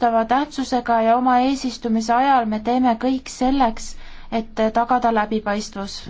otsustava tähtsusega ja oma eesistumise ajal me teeme kõik selleks, et tagada läbipaistvus.